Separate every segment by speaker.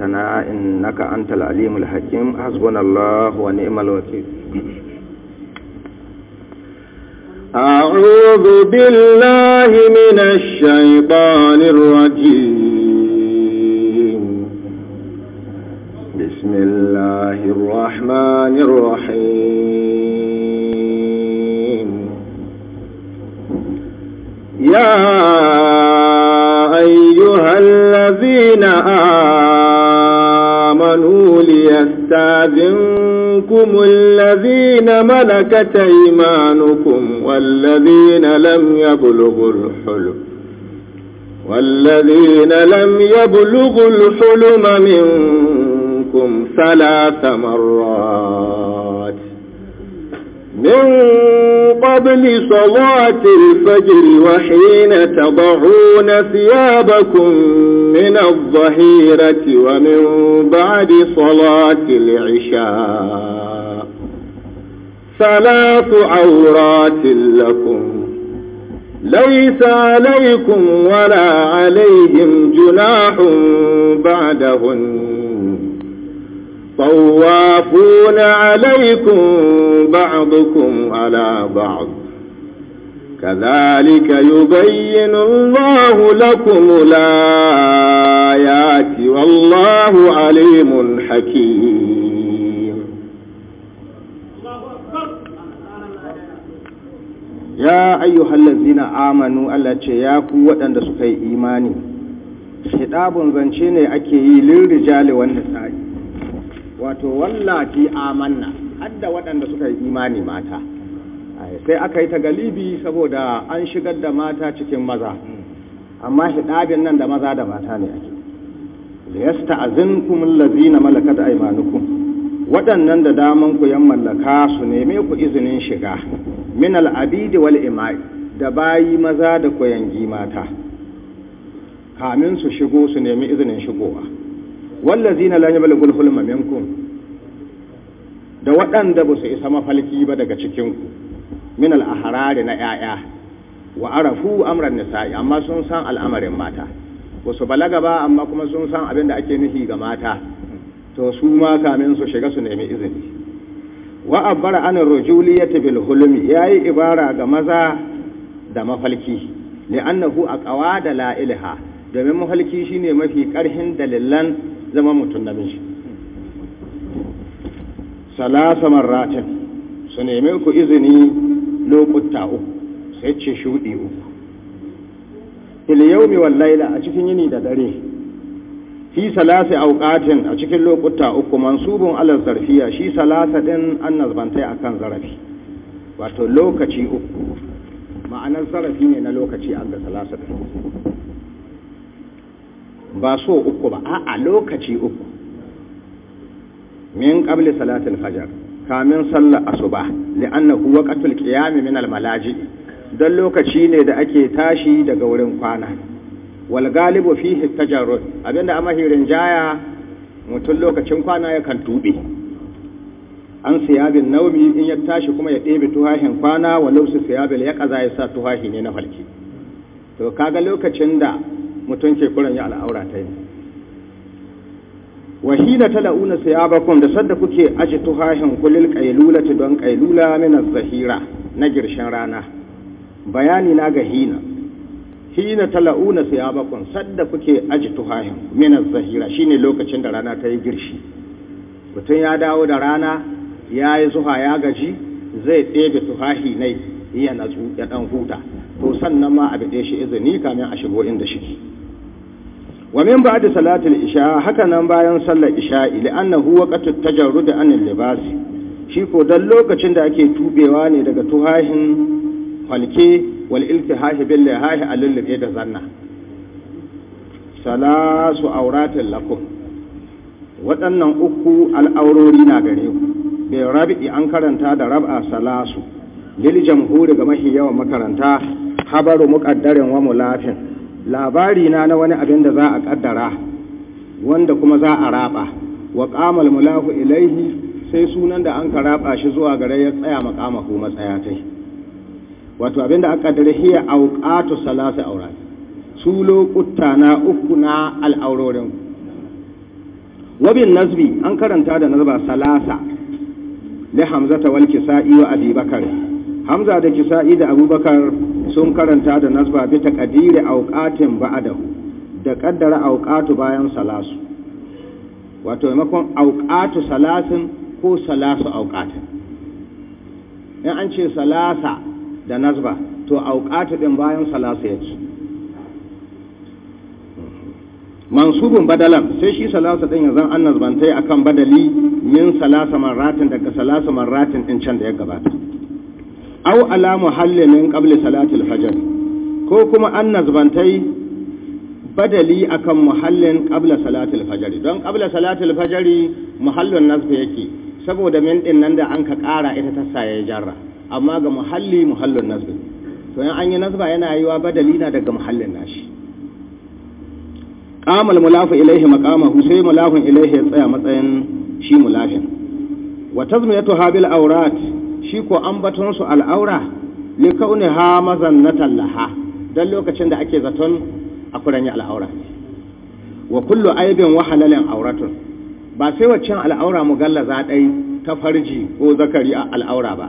Speaker 1: ربنا إنك أنت العليم الحكيم حسبنا الله ونعم الوكيل أعوذ
Speaker 2: بالله من الشيطان الرجيم
Speaker 1: بسم الله
Speaker 2: الرحمن الرحيم يا يستاذنكم الذين ملكت أيمانكم والذين لم يبلغوا الحلم والذين لم يبلغوا الحلم منكم ثلاث مرات من قبل صلاة الفجر وحين تضعون ثيابكم من الظهيرة ومن بعد صلاة العشاء ثلاث عورات لكم ليس عليكم ولا عليهم جناح بعدهن طوافون عليكم بعضكم على بعض كذلك يبين الله لكم الآيات والله عليم حكيم
Speaker 1: يا أيها الذين آمنوا ألا ياكو وأن سكي إيماني خطاب زنشيني أكي للرجال والنسائي wato wallati amanna hadda waɗanda suka yi imani mata sai aka yi ta galibi saboda an shigar da mata cikin maza amma hidabin nan da maza da mata ne ake da azinkum allazina malakat aymanukum waɗannan da daman ku yan mallaka su neme ku izinin shiga min al'abidi wal ima'i da bayi maza da koyangi mata kamin su shigo su nemi izinin shigowa wallazina la yablughul hulma minkum da waɗanda ba su isa mafalki ba daga cikinku min al-ahrari na 'ya'ya wa arafu amran nisa'i amma sun san al'amarin mata ba su balaga ba amma kuma sun san abin da ake nufi ga mata to su ma kamin su shiga su nemi izini wa abbara an rujuliyati bil hulmi yayi ibara ga maza da mafalki li'annahu aqwa da la ilaha domin mafalki shine mafi karhin dalilan zama mutum namiji salasa marratin su neme ku izini lokuta uku sai ce shuɗi uku iliyaumi wallaila a cikin yini da dare fi salasa auqatin a cikin lokuta uku mansubun alar zarfiya shi salasa ɗin an nazbantai akan zarafi wato lokaci uku ma'anar zarafi ne na lokaci an ga salasa din ba so uku ba a'a lokaci uku min qabli salatil fajr kamin sallar asuba li'annahu waqtul qiyam min al malaji dan lokaci ne da ake tashi daga wurin kwana wal galibu fihi tajarrud abinda a mahirin jaya mutum lokacin kwana yakan tube an siyabin naumi in ya tashi kuma ya ɗebe tuhahin kwana walau su siyabil ya kaza ya sa tuhahi ne na falki to kaga lokacin da mutum ke kuran ya al'aura ta yi wahina tala'una bakon da sadda kuke aji tuhahin kulil ta don qailula min zahira na girshin rana bayani na ga hina hina tala'una bakon sadda kuke aji tuhahin min zahira shine lokacin da rana ta yi girshi mutum ya dawo da rana ya yi zuha ya gaji zai ɗebe tuhahi nai ya natsu ya ɗan huta to sannan ma a bide shi izini kamin a shigo inda shi wa min ba'da Salatu isha haka nan bayan sallar isha li annahu waqtu tajarrud an libas shi ko dan lokacin da ake tubewa ne daga tuhahin falke wal iltihahi bil lihahi alil da zanna salasu auratin lakum waɗannan uku al'aurori na gare ku bai rabi an karanta da rab'a salasu lil jamhuri ga mahiyawa makaranta habaru muqaddarin wa mulafin labari na na wani abin da za a kaddara wanda kuma za a raba wa kamal mulahu ilaihi sai sunan da an ka raba shi zuwa gare ya tsaya makamahu matsaya tai wato abin da aka kaddara hiya auqatu salasa aurat su lokuta na uku na al'aurorin wabin nazbi an karanta da nazba salasa li hamzata wal kisa'i wa abi hamza da kisa'i da abubakar sun karanta da nasba bi taqdiri awqatin ba'dahu da kaddara awqatu bayan salasu wato maimakon awqatu salasin ko salasu awqatin in an ce salasa da nasba to awqatu din bayan salasu yake mansubun badalan sai shi salasa din yanzu an nazbantai akan badali min salasa marratin daga salasa marratin din can da ya gabata aw ala muhalli min qabli salatil fajr ko kuma an nazbantai badali akan muhallin qabla salatul fajr don qabla salatul fajr muhallin nazbi yake saboda min din nan da an ka kara ita ta saye jarra amma ga muhalli muhallin nazbi to in an yi nazba yana yiwa badali na daga muhallin nashi qamal mulafu ilaihi maqamahu sai mulafin ilaihi ya tsaya matsayin shi mulafin wa tazmiyatu habil awrat shi ko an su al'aura li kauniha mazannatan laha dan lokacin da ake zaton a yi al'aura wa kullu aibin wa auratun ba sai waccan al'aura mu za dai ta farji ko zakari a al'aura ba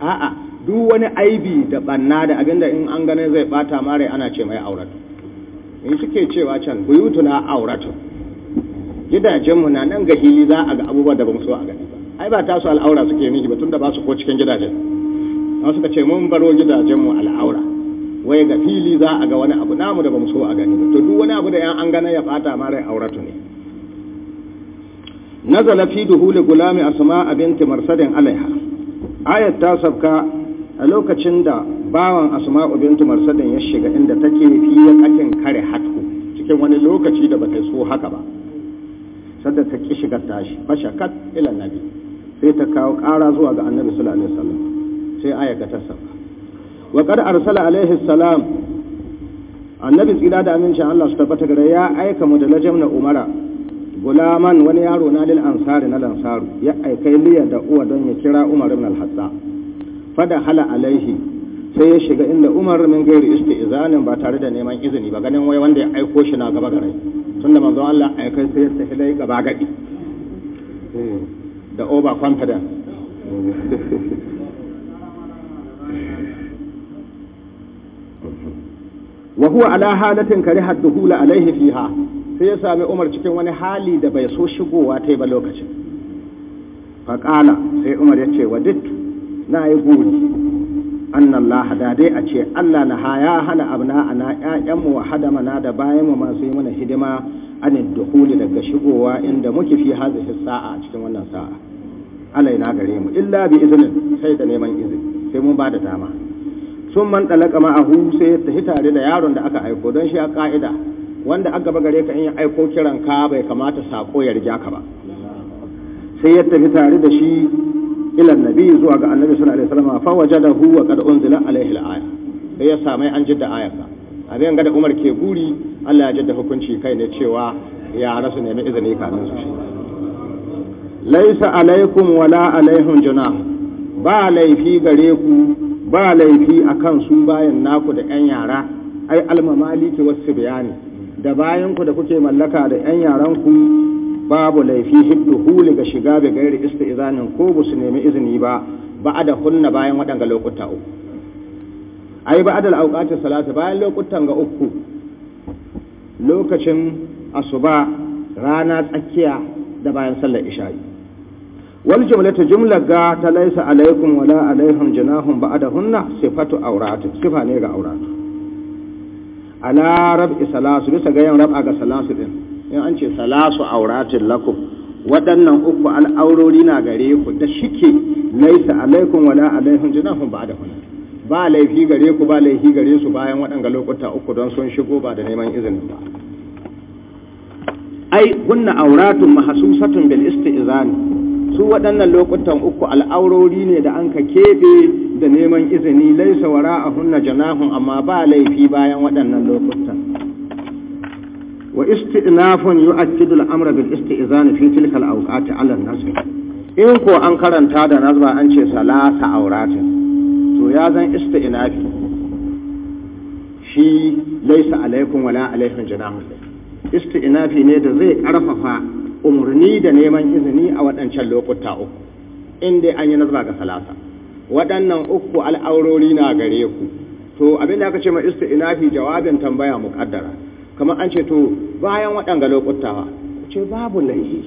Speaker 1: a'a duk wani aibi da banna da abinda in an gane zai bata mare ana ce mai auratu in suke cewa can buyutuna auratu gidajenmu na nan ga hili za a ga abubuwa da ba mu so a gani ba ai ba tasu al'aura suke nihi ba tunda ba su ko cikin gidajen Na suka ce mun baro gidajenmu al'aura wai ga fili za a ga wani abu namu da ba mu so a gani ba to duk wani abu da yan an gana ya fata ma rai auratu ne nazala fi duhuli gulami asma binti marsadin alaiha ayat ta sabka a lokacin da bawan asma binti marsadin ya shiga inda take fi ya kakin kare hatku cikin wani lokaci da bata so haka ba sadda ta ki shiga tashi fashakat ila nabi sai ta kawo ƙara zuwa ga annabi sallallahu alaihi wasallam sai aya ga ta wa qad arsala alaihi salam annabi tsira da amincin Allah su tabbata gare ya aika mu da lajamna umara gulaman wani yaro na lil ansari na lansaru ya aikai liya da uwa don ya kira umar ibn al-hatta fada hala alaihi sai ya shiga inda umar min gairi isti'zanin ba tare da neman izini ba ganin wai wanda ya aiko shi na gaba gare tunda manzo Allah aika sai ya sahilai gaba gadi eh. da over confidence wa huwa ala halatin kariha dukhul alaihi fiha sai ya sami Umar cikin wani hali da bai so shigowa tai ba lokacin faƙala sai Umar ya ce wa dittu na yi guri annallahu da dai a ce Allah na haya hana abna ana ƴaƴanmu wa na da bayanmu masu yi mana hidima an dukhuli daga shigowa inda muke fi shi sa'a cikin wannan sa'a na gare mu illa bi iznin sai da neman izini sai mun ba da dama sun man ma ma'ahu sai ya tafi tare da yaron da aka aiko don shi a ka'ida wanda aka ba gare ka in ya aiko kiran ka bai kamata sako ya riga ka ba sai ya tafi tare da shi ilan nabi zuwa ga annabi sallallahu alaihi wasallam fa wajadahu wa qad unzila alaihi alaya sai ya samai an jidda ayata abin da umar ke guri allah ya jadda hukunci kai ne cewa ya rasu nemi izini kamin su shi laisa alaikum wala alaihun juna ba laifi gare ku ba laifi akan su bayan naku da yan yara ai almamaliki wasu bayani da bayan ku da kuke mallaka da yan yaran ku babu laifi hiddu huli ga shiga bi gairi izanin ko bu su nemi izini ba ba a da hunna bayan waɗanga lokuta uku ai ba adal auqatis salata bayan lokutan ga uku lokacin asuba rana tsakiya da bayan sallar isha'i wal jumlatu jumla ga ta laysa alaikum wala alaihim junahum ba'dahunna sifatu awratu sifa ne ga auratu ala rab'i salasu bisa ga yan rab'a ga salasu din in an ce salasu auratin lakum waɗannan uku al'aurori na gare ku da shike laysa alaikum wala alaihim junahum ba'dahunna ba laifi gare ku ba laifi gare su bayan waɗanga lokuta uku don sun shigo ba da neman izinin ba ai kunna auratun mahasusatun bil istizan su waɗannan lokutan uku al'aurori ne da an ka keɓe da neman izini laisa wara a hunna janahun amma ba laifi bayan waɗannan lokutan wa istinafun yu'akkidu al'amra amra bil istizan fi tilka al 'ala an-nasb in ko an karanta da nazba an ce salasa auratin to ya zan fi shi laisa alaikum wala alaihim janahu fi ne da zai karfafa umarni da neman izini a waɗancan lokuta uku inda an yi nazara ga salasa waɗannan uku al'aurori na gare ku to abin da aka ce ma fi jawabin tambaya kaddara kamar an ce to bayan waɗanga lokuta ce babu laifi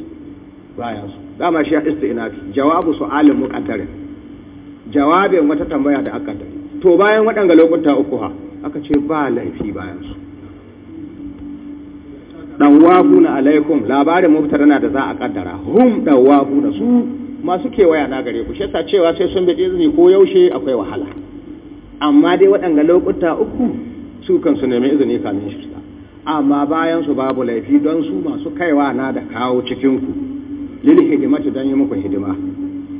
Speaker 1: bayan su dama shi ya fi jawabu su su'alin muƙaddarin jawabin wata tambaya da aka dare to bayan waɗanga lokuta uku ha aka ce ba laifi bayan su na alaikum labarin muftara na da za a kaddara hum dan na su masu kewaya na gare ku shesa cewa sai sun bade izini ko yaushe akwai wahala amma dai waɗanga lokuta uku su kan su nemi izini kamin shi amma bayan su babu laifi don su masu kaiwa na da kawo cikin ku lil hidimati dan yi muku hidima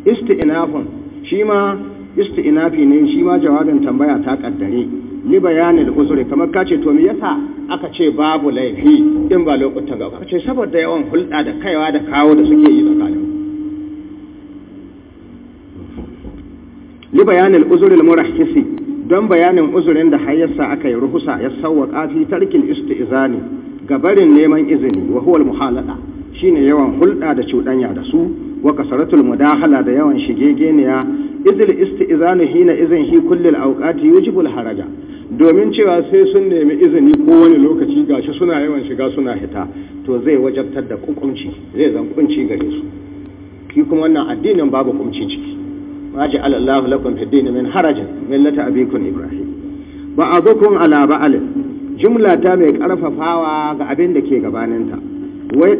Speaker 1: isti'nafun shi ma isti'nafi ne shi ma jawabin tambaya ta kaddare li bayanin uzuri kamar kace to me yasa aka ce babu laifi in ba lokutan gaba ce saboda yawan hulɗa da kaiwa da kawo da suke yi tsakanin li bayanin uzurin al-murahhisi don bayanin uzurin da har aka yi ruhusa ya sauwa fi tarkin istizani gabarin neman izini wa huwal muhalada shine yawan hulɗa da cuɗanya da su wa kasaratul mudahala da yawan shige-geniya. geniya izil isti'zanu hina izin hi kullil awqati al haraja domin cewa sai sun nemi izini ko wani lokaci gashi suna yawan shiga suna hita to zai wajabtar da kunkunci zai zan kunci gare su ki kuma wannan addinin babu kunci ciki ma ja'ala Allah lakum fid din min harajin millata abikum ibrahim ba'adukum ala ba'alin jumla ta mai ƙarfafawa ga abin da ke gabaninta wai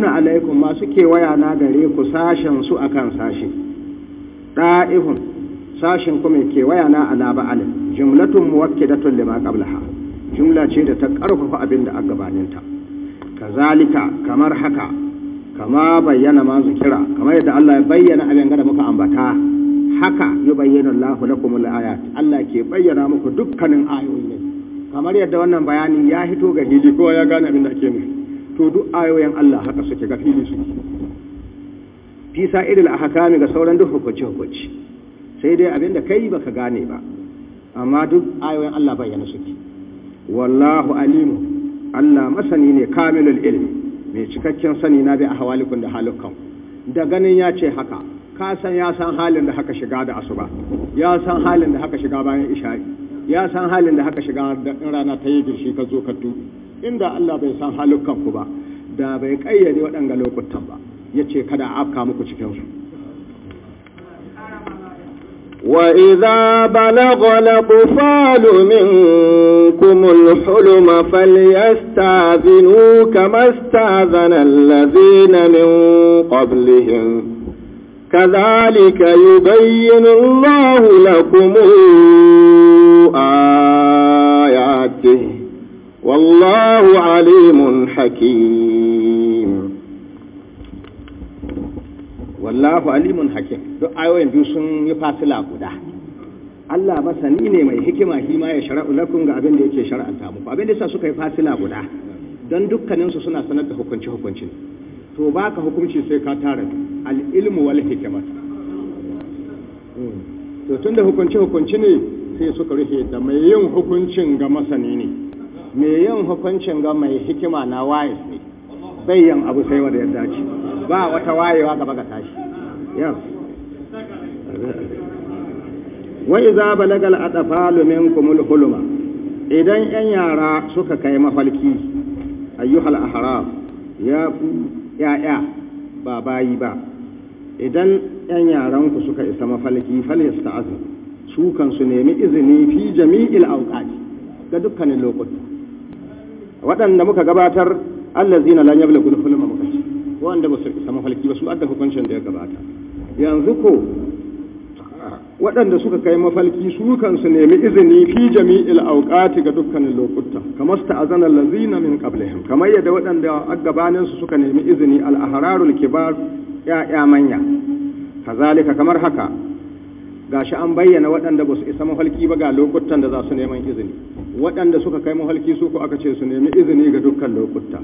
Speaker 1: na alaikum masu kewaya na gare ku sashen su akan sashi Ɗa'ihun, sashen kuma kewaya na ala ba'al jumlatun muwakkidatun lima qablaha jumla ce da ta karfafa abin da a gabaninta kazalika kamar haka kama bayyana ma zikira kamar yadda Allah ya bayyana abin da muka ambata haka yubayyinu Allahu lakum al-ayat Allah ke bayyana muku dukkanin ayoyi kamar yadda wannan bayani ya hito ga hili kowa ya gane abin da ake nufi to duk ayoyin Allah haka suke ga fili su fi sa'iril ahkami ga sauran duk hukunci hukunci sai dai abin da kai baka gane ba amma duk ayoyin Allah bayyana suke wallahu alimu Allah masani ne kamilul ilmi mai cikakken sani na bi ahwalikum da halukum da ganin ya ce haka ka san ya san halin da haka shiga da asuba ya san halin da haka shiga bayan isha'i ya san halin da haka shiga in rana ta yi girshi ka zo ka tubi inda Allah bai san halukan ku ba da bai kayyade waɗanga lokutan ba ya ce kada afka muku cikinsu وإذا بلغ minkum
Speaker 2: al الحلم falyastazinu kama stazana alladhina min qablihim كذلك يبين الله لكم آياته والله عليم حكيم
Speaker 1: wallahu alimun hakim duk ayoyin biyu sun yi fasila guda Allah masani ne mai hikima shi ma ya shara'u lakum ga abin da yake shara'anta muku abin da yasa suka yi fasila guda don dukkaninsu suna sanar da hukunci hukuncin to baka hukunci sai ka tara al’ilmu wale wal hmm. To to da hukunci hukunci ne sai suka rufe da mai yin hukuncin ga masani ne mai yin hukuncin ga mai hikima na waye ne bayan abu sai wanda ya dace ba wata wayewa gaba ga tashi yau za iza balaga al-atfalu minkum al-huluma idan yan yara suka kai mafalki ayyuhal haram ya ku ‘ya'ya ba bayi ba idan ‘yan yaranku suka isa mafalki ta azin su su nemi izini fi jami'il auƙaci ga dukkanin lokaci, waɗanda muka gabatar allazina zina yablaghul hulma muka wanda ba su isa mafalki ba su adda hukuncin da ya gabata yanzu ko waɗanda suka kai mafalki su kansu nemi izini fi jami'il auqati ga dukkanin lokuta kamar su ta'azana lazina min qablihim kamar yadda waɗanda aggabanin su suka nemi izini al ahrarul kibar ya'ya manya kazalika kamar haka gashi an bayyana waɗanda ba su isa mafalki ba ga lokutan da za su neman izini waɗanda suka kai mafalki su ko aka ce su nemi izini ga dukkan lokuta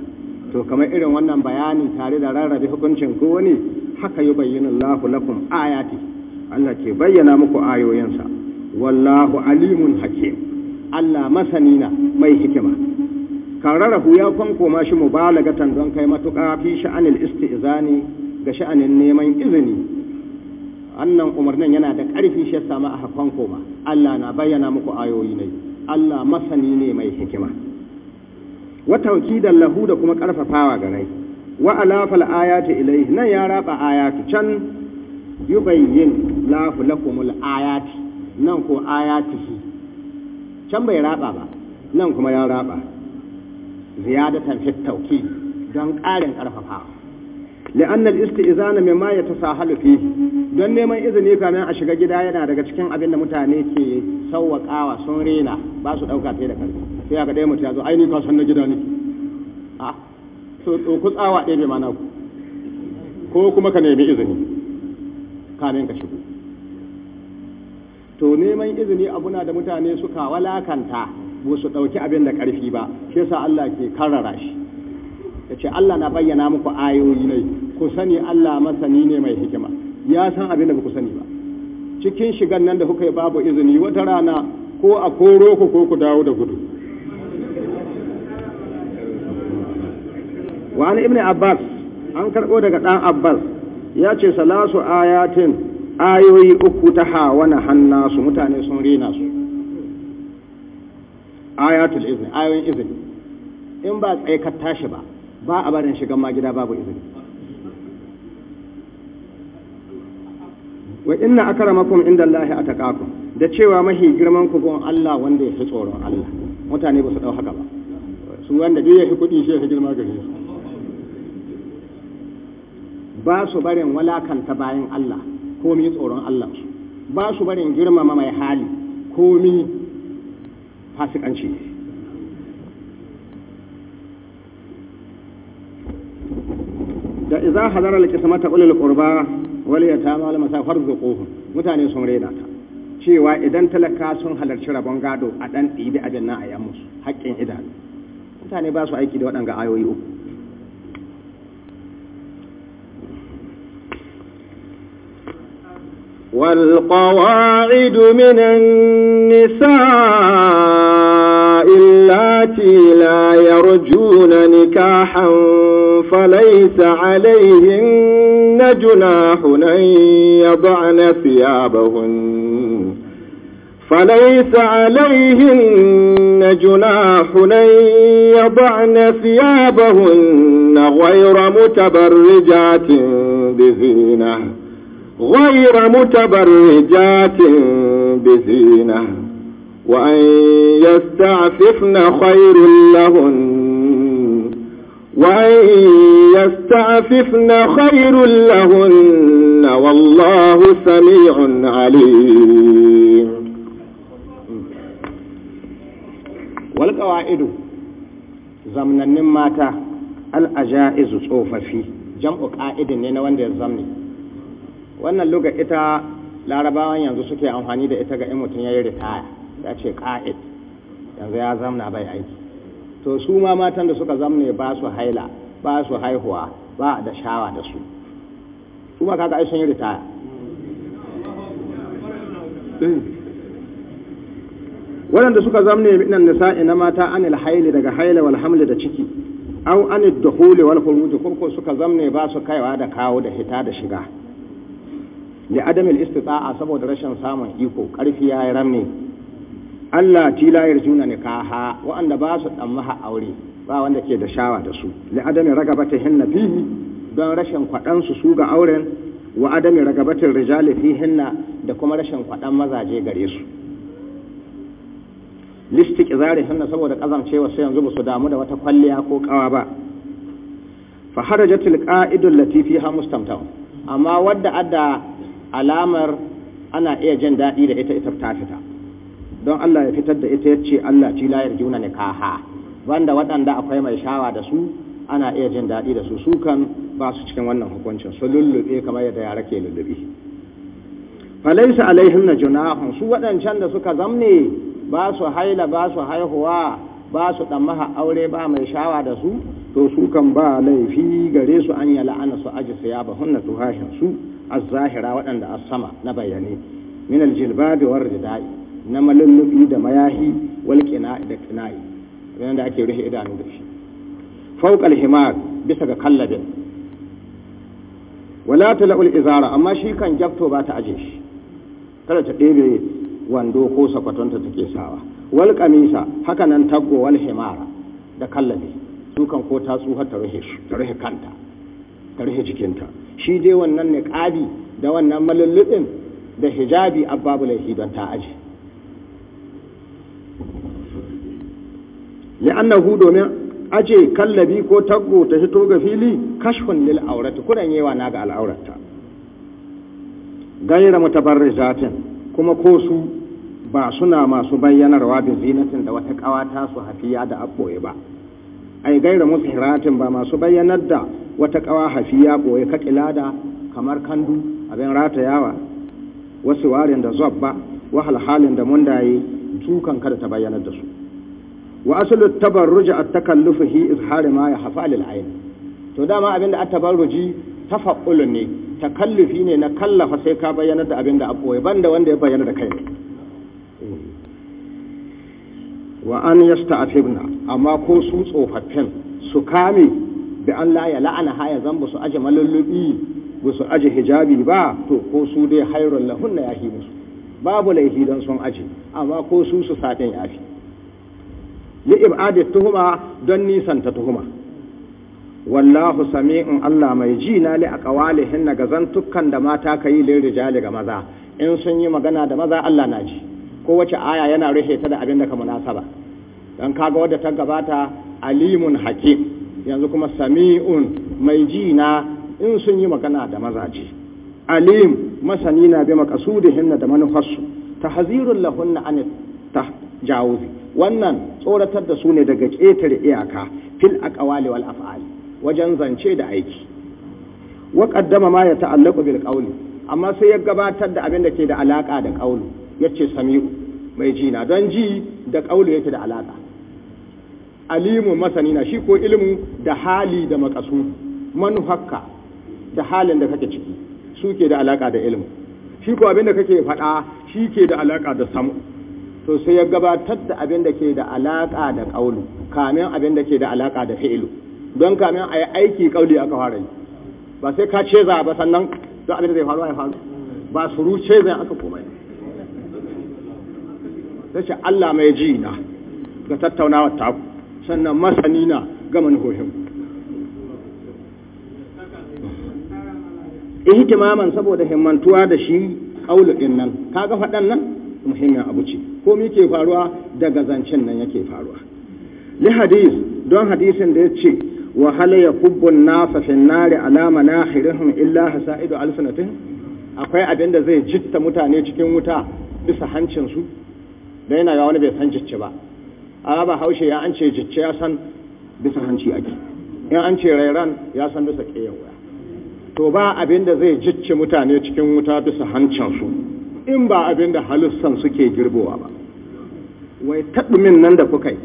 Speaker 1: to kamar irin wannan bayani tare da rarrabe hukuncin ko wani haka yubayyinu Allahu lakum ayati Allah ke bayyana muku ayoyinsa wallahu alimun hakim Allah masani na mai hikima rarrafu ya fanko ma shi mubalagatan don kai matuƙa fi sha'anil istizani ga sha'anin neman izini annan umarnin yana da ƙarfi shi yasa ma aka fanko ma Allah na bayyana muku ayoyi ne Allah masani ne mai hikima wa tawkidan lahu da kuma ƙarfafawa ga rai wa alafal ayati ilayhi nan ya raba ayatu can yubayyin lahu lakumul ayati nan ko ayatihi can bai raba ba nan kuma ya raba ziyadatan fit tawkid don ƙarin ƙarfafawa لأن الاستئذان مما يتساهل فيه don neman izini kamin a shiga gida yana daga cikin abin da mutane ke sauwaƙawa sun rena ba su ɗauka fiye da karfi sai aka ɗaya mutu ya zo aini kasan na gida nake a ah, so ku tsawa ɗaya bai mana ku ko kuma ka nemi izini kamin ka shigo to neman izini abu na da mutane suka walakanta ba su ɗauki abin da ƙarfi ba shi yasa Allah ke karrara shi yace Allah na bayyana muku ayoyi ne ku sani Allah masani ne mai hikima ya san abin da ku sani ba cikin shigan nan da kuka yi babu izini wata rana ko a koro ku ko ku dawo da gudu wani ibn abbas an karɓo daga ɗan abbas ya ce salasu ayatin ayoyi uku ta hawana hannasu mutane sun rena su ayatul izini ayoyin izini in ba tsaye ka tashi ba ba a barin shigan ma gida babu izini wa inna akramakum inda Allah ataqakum da cewa mahi girman ku gon Allah wanda ya fi tsoron Allah mutane ba su dau haka ba su wanda duk ya fi kudi shi ya fi girma gare su ba su barin walakanta bayan Allah komi tsoron Allah su ba su barin girmama mai hali komi fasikanci da idan hadarar kisma ta ulil ya ta yatama masa masafar zuquhum mutane sun raina ta cewa idan talaka sun halarci rabon gado a ɗi ɗibi a nan a yammu haƙƙin idanu mutane ba su aiki da waɗanga ayoyi uku
Speaker 2: والقواعد من النساء اللاتي لا يرجون نكاحا فليس عليهن جناح أن يضعن ثيابهن فليس عليهن جناح أن يضعن ثيابهن غير متبرجات بزينه غير متبرجات بزينة وأن يستعففن خير لهن وأن يستعففن خير لهن والله سميع عليم
Speaker 1: والقواعد زمن النماتة الأجائز صوفة jam'u جمع قائد na wanda الزمن wannan lugar ita larabawan yanzu suke amfani da ita ga in mutum ya yi ritaya ya ce ka'id yanzu ya zamna bai aiki to su ma matan da suka zamne ba su haila ba su haihuwa ba da shawa da su su ma kaka aishin yi ritaya waɗanda suka zamne nan nisa ina mata anil haili daga haila wal hamli da ciki an anil dukhuli wal khuruj ko suka zamne ba su kaiwa da kawo da hita da shiga li adamil istita'a saboda rashin samun iko karfi ya yi ramne Allah tilayar juna yarjuna nikaha wa'anda ba su dan maha aure ba wanda ke da shawa da su li ragabata hinna fihi don rashin kwadan su su ga auren wa adamin ragabatin rijali hinna da kuma rashin kwadan mazaje gare su listiki zari hinna saboda kazancewa sai yanzu ba su damu da wata kwalliya ko kawa ba fa harajatul qa'idul latifi ha mustamta'un amma wadda adda alamar ana iya jin daɗi da ita ita ta fita don Allah ya fitar da ita yace Allah ci la yarjuna nikaha wanda waɗanda akwai mai shawa da su ana iya jin daɗi da su su kan ba su cikin wannan hukuncin su lullube kamar yadda yara ke lullube falaisa na junahun su waɗancan da suka zamne ba su haila ba su haihuwa ba su maha aure ba mai shawa da su to su kan ba laifi gare su an yi la'ana su aji su ya ba hunna tuhashin su az-zahira waɗanda as-sama na bayyane min al war ridai na malullubi da mayahi wal da qina'i wannan da ake rufe idanu da shi fawqa himar bisa ga kallabin wala tala'ul izara amma shi kan jafto ba ta aje shi kada ta ɗebe wando ko sakwatonta take sawa wal kamisa haka nan taggo wal himara da kallabi su kan ko ta tsuha ta rufe kanta ta rufe jikinta shi dai wannan niƙabi da wannan malullubin da hijabi abbabu laifi don ta aji li'annahu domin aje kallabi ko taggo ta fito ga fili kashfun lil aurati kuran yewa na ga al'aurata gaira mutabarrijatin kuma ko su ba suna masu bayyanarwa da zinatin da wata kawata su hafiya da abboye ba ai gaira musihiratin ba masu bayyanar da wata kawa ya boye kakila da kamar kandu abin ratayawa wasu warin da ba wahal halin da mundaye tukan kada ta bayyanar da su wa asalu tabarruji at takallufu hi izhari ma ya hafa lil ayn to dama abinda at tabarruji tafaqqul ne takallufi ne na kallafa sai ka bayyanar da abinda a boye banda wanda ya bayyana da kai wa an yasta afibna amma ko su tsofaffin su kame da Allah ya la'ana haya zan ba su aje malallubi ba su aje hijabi ba to ko su dai hairun na ya musu babu laifi don sun aje amma ko su su satin yafi li ibadi tuhuma don nisan ta tuhuma wallahu sami'un Allah mai ji na li aqwalihin ga zantukan da mata kayi lil ga maza in sun yi magana da maza Allah na ji kowace aya yana rufe ta da abin da ka munasaba don kaga wadda ta gabata alimun hakim yanzu kuma sami'un mai ji na in sun yi magana da mazaje alim masani na bi hinna da manufarsu ta tahzirul lahunna an jawuzi wannan tsoratar da su ne daga ƙetare iyaka fil aqwali wal af'ali wajen zance da aiki wa qaddama ma ya ta'allaqu bil qawli amma sai ya gabatar da abin da ke da alaka da qawli yace sami'u mai jina don ji da ƙaulu yake da alaƙa alimu masani na shi ko ilimu da hali da makasu haka da halin da kake ciki su ke da alaƙa da ilimu shi ko abin da kake faɗa shi ke da alaƙa da samu to sai ya gabatar da abin da ke da alaƙa da ƙaulu kamin abin da ke da alaƙa da fi'ilu don kamin a yi aiki ƙauli aka fara yi ba sai ka ce za ba sannan don abin da zai faru a ya faru ba su ruce zai aka komai sai ce Allah mai ji na ga tattaunawa ta ku sannan masani na ga manuhohin ihtimaman saboda himmantuwa da shi aulu ɗin nan kaga faɗan nan muhimmin abu ce ko mi ke faruwa daga zancen nan yake faruwa li hadis don hadisin da ya ce wa hal ya kubbun nasa fi an ala manahirihim illa hasa'idu akwai abin da zai jitta mutane cikin wuta bisa hancinsu da yana ga wani bai san jicce ba a ba haushe ya an ce jicce ya san bisa hanci ake in an ce rairan ya san bisa ƙeyan to ba abin da zai jicce mutane cikin wuta bisa su, in ba abin da suke girbowa ba wai taɗumin nan da kuka yi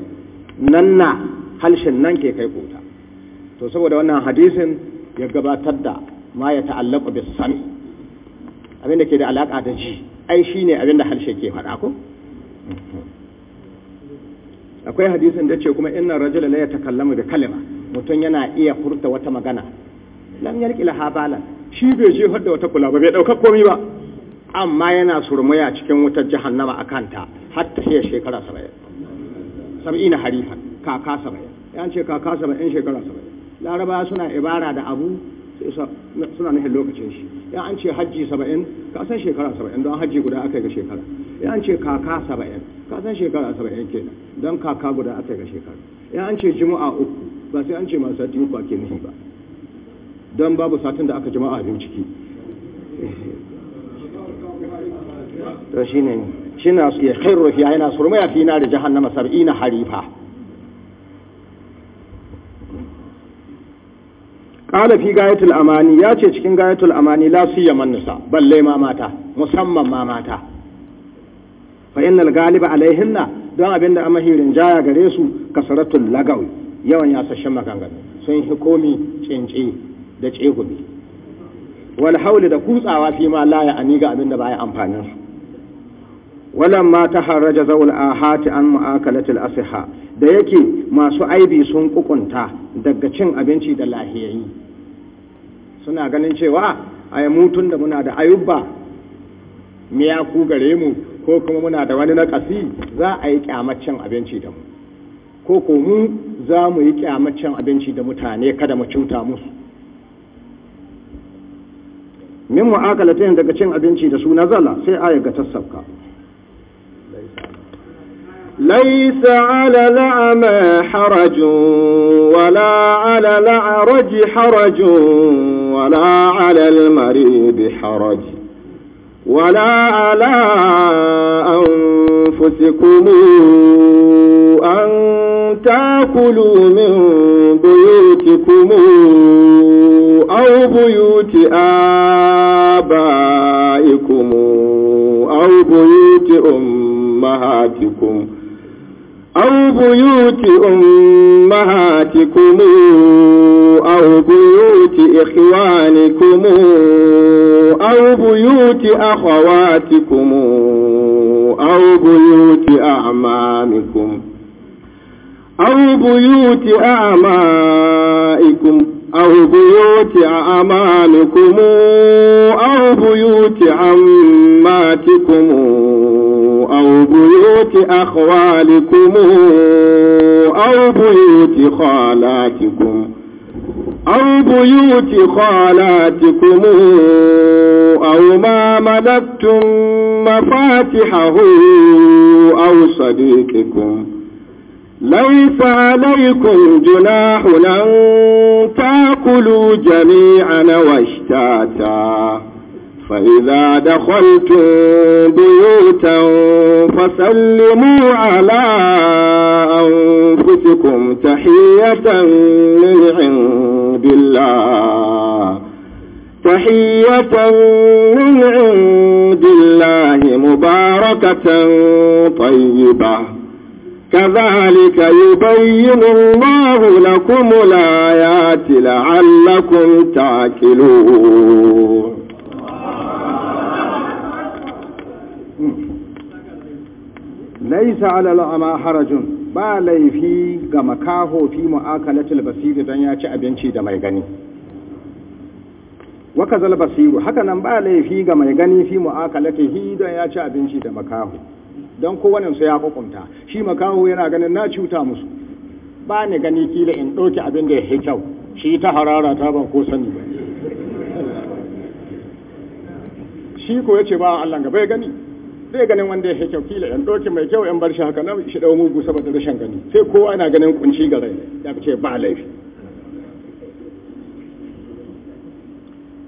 Speaker 1: nan na halshin nan ke kai kuta to saboda wannan hadisin ya gabatar da ma ya ta'allaka bisa sami abin da ke da alaƙa da ji ai shine abin da harshe ke faɗa ko akwai hadisin da ce kuma inna rajula la yatakallamu bi kalima mutum yana iya furta wata magana lam yalqi laha balan shi bai je hadda wata kula ba bai dauka komai ba amma yana surmaya cikin wutar jahannama akanta ta har ta sai shekara 70 sab'ina harifa kaka 70 yan ce kaka 70 shekara 70 laraba suna ibara da abu suna nufin lokacin shi ya an ce hajji saba'in ka san shekara saba'in don hajji guda aka ga shekara ya an ce kaka saba'in ka san shekara saba'in kenan don kaka guda aka ga shekara ya an ce juma'a uku ba sai an ce masu sati uku ake nufi ba don babu satin da aka jama'a biyu ciki to shine shine ya khairu fi aina surmaya fi nar jahannama sab'ina harifa qala fi gayatul amani ya ce cikin gayatul amani la siyaman nisa balle ma mata musamman ma mata fa innal galiba alaihinna don abinda mahirin jaya gare su kasaratul lagawi yawan ya sashe maganganu sun yi komi cince da tsegumi wal hauli da kutsawa fi ma la ani ga abinda ba ya amfanin su ma ta haraja zawul ahati an mu'akalatil asiha da yake masu aibi sun kukunta daga cin abinci da lahiyayi suna ganin cewa ai mutun da muna da ayubba miya ku gare mu ko kuma muna da wani nakasi za a yi kyamacin abinci da mu ko ko mu za mu yi kyamacin abinci da mutane kada mu cuta musu min mu'akalatin daga cin abinci da su nazala sai aya tasabka ليس على
Speaker 2: الأعمى حرج ولا على الأعرج حرج ولا على المريض حرج ولا على أنفسكم أن تأكلوا من بيوتكم أو بيوت آبائكم أو بيوت أمهاتكم أو بيوت أمهاتكم أو بيوت إخوانكم أو بيوت أخواتكم أو بيوت أعمامكم أو بيوت أعمائكم أو بيوت أعمامكم أو بيوت عماتكم أو بيوت أخوالكم أو بيوت خالاتكم أو بيوت خالاتكم أو ما ملكتم مفاتحه أو صديقكم ليس عليكم جناح أن تأكلوا جميعا واشتاتا فإذا دخلتم بيوتا وسلموا على أنفسكم تحية من عند الله تحية من عند الله مباركة طيبة كذلك يبين الله لكم الآيات لعلكم تعقلون
Speaker 1: laisa alal ama harajun ba laifi ga makaho fi mu'akalatul basiri don ya ci abinci da mai gani waka zal basiru haka nan ba laifi ga mai gani fi mu'akalatihi don ya ci abinci da makaho don kowannen su ya hukunta shi makaho yana ganin na cuta musu ba ni gani kila in ɗauki abin da ya kyau shi ta harara ta ban ko sani ba shi ko yace ba Allah ga bai gani sai ganin wanda ya kyau kila yan doki mai kyau yan bar shi haka nan shi dau mugu saboda rashin gani sai kowa yana ganin kunci ga rai ya ce ba laifi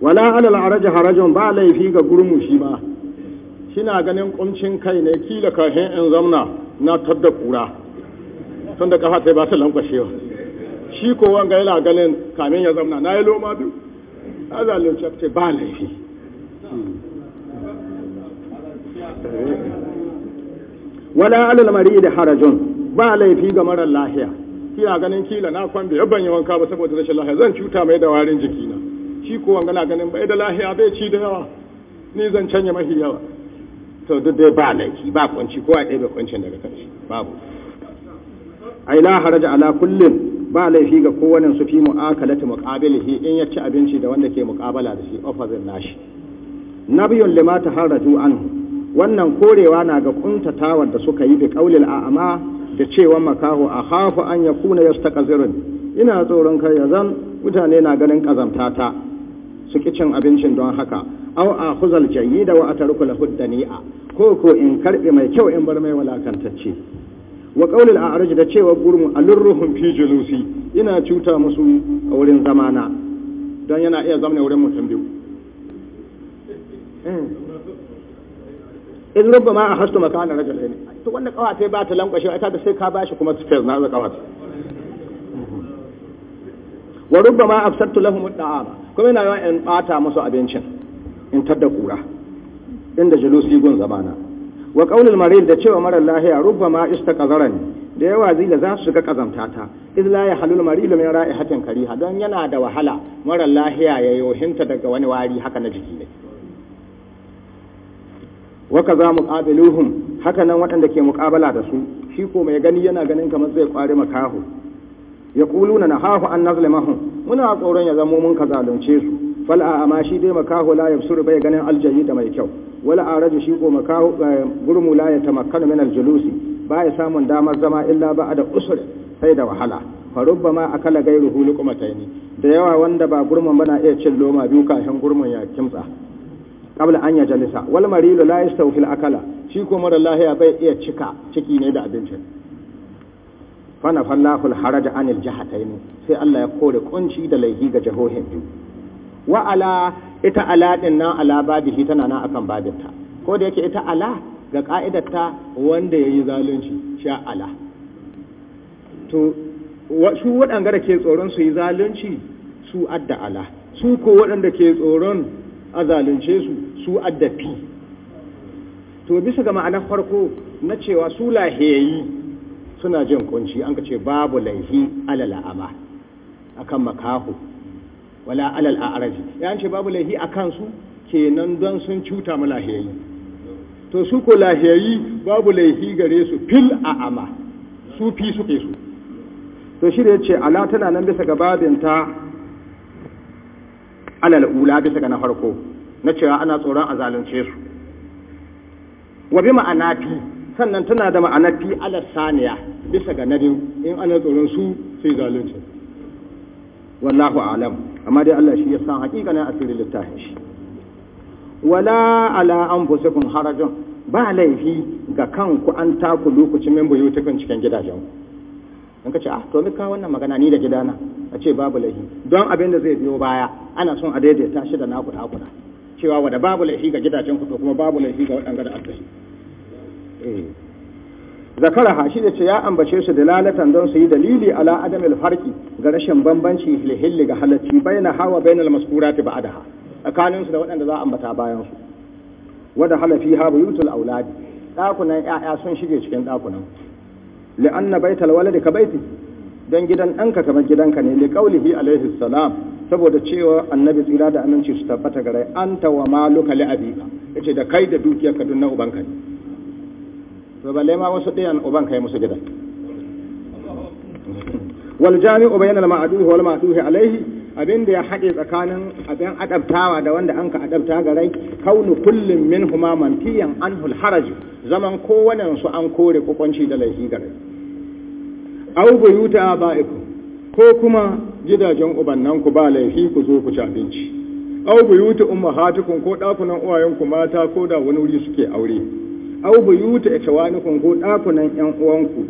Speaker 1: wala alal araji harajun ba laifi ga gurmu shi ma na ganin kuncin kai ne kila kashin in zamna na tadda kura tun da kafa sai ba su lankwashewa shi ko wanga yana ganin kamin ya zamna na yi loma biyu azalin ce ba laifi wala alal marid harajun ba laifi ga marar lahiya kina ganin kila na kwambe yabban yawan ka ba saboda rashin lahiya zan cuta mai da warin jikina shi ko wanga na ganin bai da lahiya bai ci da yawa ni zan canya mafi yawa to duk dai ba laifi ba kwanci ko a ɗaya ba kwancin daga kanshi babu ai la haraja ala kullin ba laifi ga kowane su fi mu'akalati muqabilihi in ya ci abinci da wanda ke muqabala da shi ofazin nashi nabiyun lima taharraju anhu wannan korewa na ga ƙuntatawar da suka yi bi kaulil a'ama da cewa makaho a hafu an ya kuna ya ina tsoron kai yazan mutane na ganin kazamtata su ki cin abincin don haka au a huzal jayyida wa atarku lahu dani'a ko ko in karbe mai kyau in bar mai walakantacce wa kaulil a'raj da cewa gurmu alurruhum fi julusi ina cuta musu a wurin zamana don yana iya zamne wurin mutum biyu hmm. in rubba ma a hastu maka na rajul ne to wanda kawata sai ba ta lankwashe ita kaga sai ka bashi kuma fes na za kawata wa rubba ma lafi mutu kuma ina yawan in bata musu abincin in tadda kura inda jalusi gun zamana wa kaunin maril da cewa marar lahiya rubba ma ista ne da yawa zila za su ga kazamta ta iz la yahlul marid min ra'ihatin kariha don yana da wahala marar lahiya ya yohinta daga wani wari haka na jiki ne waka za mu ƙabiluhun haka nan waɗanda ke muƙabala da su shi ko mai gani yana ganin kamar zai ƙwari makaho ya ƙulu na hahu an mahun muna tsoron ya zamo mun ka zalunce su fal'a amma shi dai makaho la suru bai ganin aljayi da mai kyau wala araju shi ko makahu eh, gurmu la ya tamakkanu min aljulusi ba ya samun damar zama illa ba da usur sai da wahala fa ma akala gairuhu luqmataini da yawa wanda ba gurman bana iya cin loma biyu kafin gurman ya kimtsa Kabla an jalisa wal marilu la yastawfi al akala shi ko mara lahiya bai iya cika ciki ne da abincin fa na fallahu al haraja an al jahatayn sai Allah ya kore kunci da laihi ga jahohin biyu wa ala ita ala din nan ala babihi tana nan akan babinta ko da yake ita ala ga ka'idarta wanda yayi zalunci sha ala to shi waɗanda ke tsoron su yi zalunci su adda ala su ko waɗanda ke tsoron a zalunce su su addafi to bisa ga ma'anar farko na cewa su lahiyayi suna jin kunci an ka ce babu laihi alal a'ama akan makahu wala alal a'raji ya ce babu laihi akan su kenan don sun cuta mu lahiyayi to su ko lahiyayi babu laihi gare su fil a'ama su fi suke su to shi da ya ce ala tana nan bisa ga babinta alal ula bisa ga na farko na cewa ana tsoron a zalunce su wa bi ma'ana fi sannan tana da ma'ana fi alal saniya bisa ga na biyu in ana tsoron su sai zalunce wallahu alam amma dai Allah shi ya san hakikanin asiri littafin shi wala ala anfusikum harajun ba laifi ga kanku an taku lokacin min buyutukan cikin gidajenku in ka ce ah to ka wannan magana ni da gidana a ce babu laifi don abin da zai biyo baya ana son a daidaita shi da naku nakuda cewa wanda babu laifi ga gidajen ku to kuma babu laifi ga waɗanda da zakara eh. zakaraha shi da ce ya ambace su dalalatan don su yi dalili ala adamil farki ga rashin bambanci hilhilli ga halacci baina hawa bainal maskurati ba'daha tsakanin su da waɗanda za a ambata bayan su wada halafi ha buyutul auladi ɗakunan 'ya'ya sun shige cikin ɗakunan li'anna baital waladi ka baiti don gidan ɗanka kamar gidanka ne li qaulihi alaihi salam saboda cewa annabi tsira da aminci su tabbata gare anta wa a li abika yace da kai da dukiyarka dun na ubanka ne to balle wasu ɗayan ubanka ya musu gidan wal jami'u bainal ma'duhi wal ma'duhi alaihi abin da ya haɗe tsakanin abin adabtawa da wanda an ka adabta ga rai kaunu kullum min huma mantiyan an haraji. zaman kowannen su an kore kukunci da laifi ga rai aw buyuta ba'ikum ko kuma gidajen ubannan ba laifi ku zo ku ci abinci aw buyuta ummahatikum ko dakunan uwayenku mata ko da wani wuri suke aure aw buyuta ikwanukum ko dakunan yan uwanku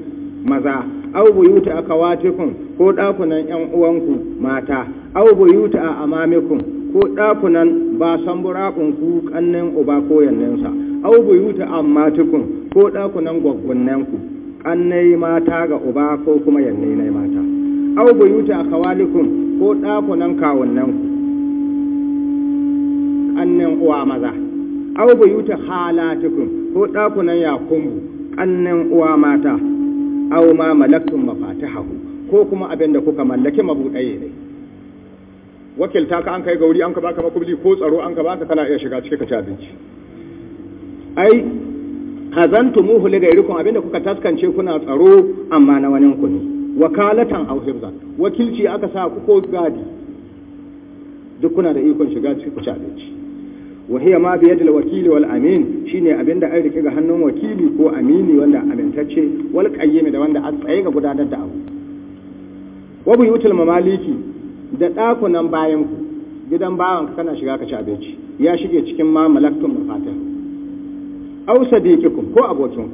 Speaker 1: maza aw buyuta akawatikum ko dakunan yan uwanku mata aw buyuta a amamikum ko dakunan ba samburakun ku kannin uba ko yannensa aw buyuta ammatikum ko dakunan ku kannai mata ga uba ko kuma yanne mata aw buyuta akawalikum ko dakunan kawunnenku kannin uwa maza aw buyuta halatikum ko dakunan yakunku kannin uwa mata aw ma malaktum mafatihahu ko kuma abin da kuka mallake mabudaye ne wakilta ka an kai gauri an ka baka makubli ko tsaro an ka baka kana iya shiga cikin ka ci abinci ai hazantumuhu li gairikum abinda kuka taskance kuna tsaro amma na wani ku ne wakalatan aw hibzan wakilci aka sa ku ko gadi duk kuna da ikon shiga cikin ku ci abinci wahiya ma biyar da wakili wal amin shine abin da an rike ga hannun wakili ko amini wanda amintacce wal qayyim da wanda an tsaye ga gudanar da abu wa buyutul mamaliki da dakunan bayan ku gidan bawan kana shiga ka ci abinci ya shige cikin ma malaktum mafatih aw sadiqikum ko abokin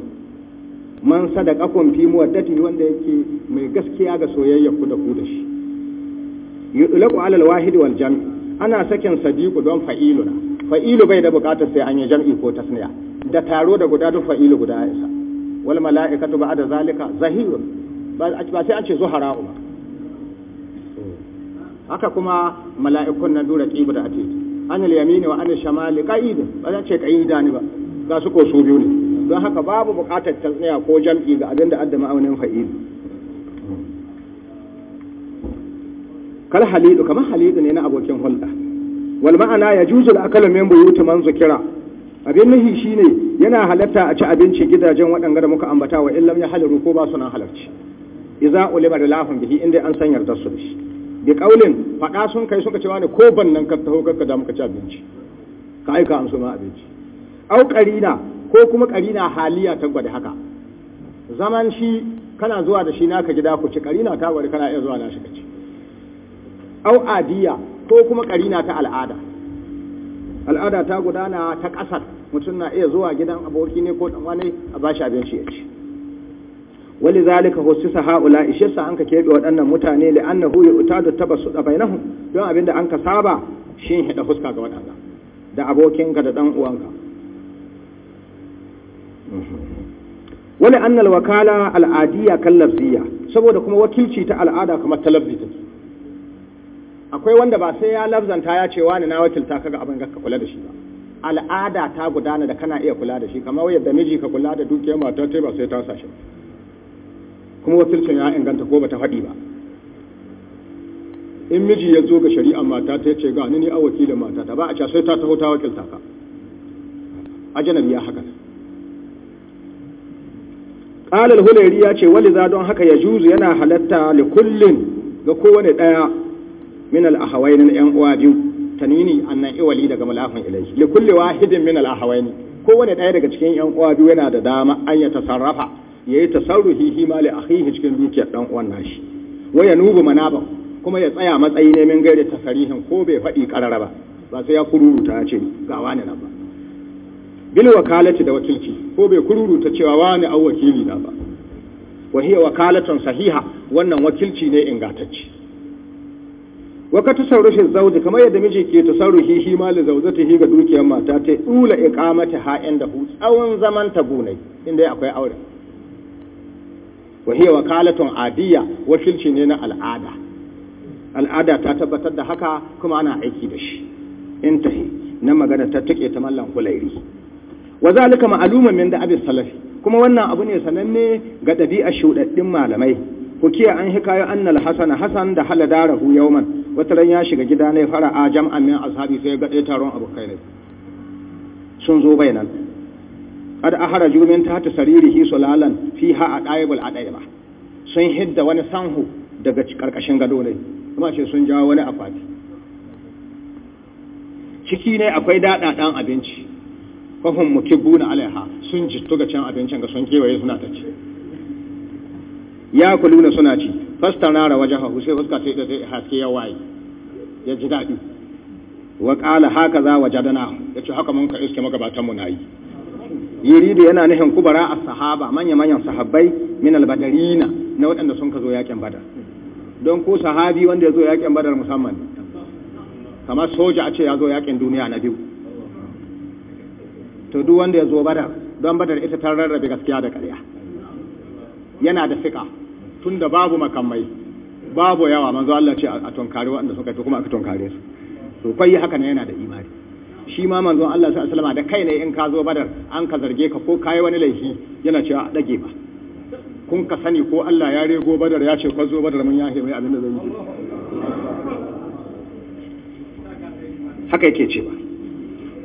Speaker 1: man sadaqakum fi muwaddati wanda yake mai gaskiya ga soyayya ku da ku da shi yudlaqu ala al wahid wal jam' ana sakin sadiqu don fa'iluna fa'ilu bai da bukatar sai an yi jam'i ko tasniya da taro da guda duk fa'ilu guda ya isa wal mala'ikatu ba'da zalika zahirun ba sai an ce zuhara'u ba haka kuma mala'ikun nan dura qibu da atiyu an yamini wa an shamali qa'idun ba zan ce qa'ida ne ba ga su ko su biyu ne don haka babu bukatar tasniya ko jam'i ga abinda adda ma'aunin fa'ilu kal halidu kamar halidu ne na abokin hulɗa wal ma'ana ya juzul akalu min buyuti man zukira abin nuhi shine yana halatta a ci abinci gidajen waɗanda da muka ambata wa illam ya halaru ko ba su nan halarci iza ulima da lahun bihi inda an san yarda su shi bi kaulin fada sun kai suka cewa ne ko bannan ka taho kakka da muka ci abinci ka aika an so ma abinci au qarina ko kuma qarina haliya ta gwada haka zaman shi kana zuwa da shi naka gida ku ci qarina ta gwada kana iya zuwa na shi ka ci au adiya ko kuma karina ta al'ada al'ada ta gudana ta ƙasar mutum na iya zuwa gidan aboki ne ko dan wani a bashi abin shi ya ci wali zalika hussisa haula ishe sa an ka keɓe waɗannan mutane li taba su tabassuda bainahum don abin da an ka saba yin hida fuska ga waɗanda da abokinka da dan uwanka wali annal wakala al'adiyya kan kallafziya saboda kuma wakilci ta al'ada kamar talabzi akwai wanda ba sai ya labzanta ya ce wani na wakilta kaga abin ka kula da shi ba al'ada ta gudana da kana iya kula da shi kamar yadda miji ka kula da dukiyar matar ta ba sai ta sa kuma wakilcin ya inganta ko bata faɗi ba in miji ya zo ga shari'a mata ta ce ga ni ne a wakilin mata ta ba a ce sai ta taho ta wakilta ka ajanabi ya haka qala al-hulayri ya ce za don haka juzu yana halatta li kullin ga kowane daya min al-ahawain yan uwa biyu tanwini annan iwali daga mulafin ilai li kulli wahidin min al-ahawain kowane ɗaya daga cikin yan uwa biyu yana da dama an ya tasarrafa yayi tasarruhi hi mali li akhihi cikin dukiyar dan uwan nashi wa nubu manaba kuma ya tsaya matsayi ne min gairi tasarihin ko bai faɗi karara ba ba sai ya kururuta ya ce ga wani nan ba bil wakalati da wakilci ko bai kururuta cewa wani au wakili na ba wa hiya wakalatun sahiha wannan wakilci ne ingantacce waka ta tasarrufin zauji kamar yadda miji ke tasarrufi shi ma li zaujatihi ga dukiyar mata ta dula iqamata ha'in da hu tsawon zaman ta gunai inda akwai aure wa hiya wakalatun Adiya wakilci ne na al'ada al'ada ta tabbatar da haka kuma ana aiki da shi In ta intahi na magana ta tuke ta mallan kulairi wa zalika ma'lumun min da abi salafi kuma wannan abu ne sananne ga ɗabi'ar shuɗaɗɗin malamai ku kiya an hikayo annal hasana hasan da haladarahu yauman wata ran ya shiga gida ne fara a jam'an min ashabi sai ga ɗaya taron abokai ne sun zo bai nan kada a hara jumin ta ta saririhi sulalan fi ha a ɗayibul a ba, sun hidda wani sanhu daga ƙarƙashin gado ne kuma ce sun jawo wani akwati ciki ne akwai daɗaɗan abinci kwafin mukibbu na alaiha sun jittu ga can abincin ga sun kewaye suna ta ci ya kuluna suna ci fastarara wajahahu sai fuska sai da haske ya waye ya ji daɗi wa wa jadana ya yace haka mun ka iske magabatan mu na yi yuridu yana nihin kubara a sahaba manya manyan sahabbai min albadarina na waɗanda sun ka zo yakin badar don ko sahabi wanda ya zo yakin badar musamman kamar soja a ce ya zo yakin duniya na biyu to duk wanda ya zo badar don badar ita ta rarrabe gaskiya da ƙarya yana da fiƙa tunda babu makamai babu yawa manzo Allah ce a tunkare waɗanda suka fi kuma aka tunkare su to yi haka ne yana da imani shi ma manzo Allah sallallahu alaihi wasallam da kai ne in ka zo badar an ka zarge ka ko kai wani laifi yana cewa a dage ba kun ka sani ko Allah ya rego badar ya ce ka zo badar mun yahe mai abin da zai yi haka yake cewa